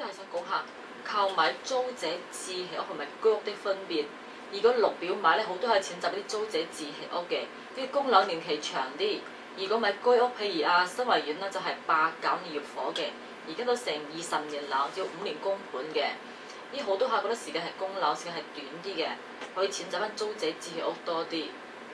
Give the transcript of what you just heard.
真係想講下購買租者置其屋同埋居屋的分別。如果六表買咧，好多係錢集啲租者置其屋嘅，跟住供樓年期長啲。如果買居屋，譬如啊新圍苑啦，就係、是、八九年入伙嘅，而家都成二十年樓，要五年供盤嘅。呢好多客覺得時間係供樓時間係短啲嘅，可以錢集翻租者置其屋多啲。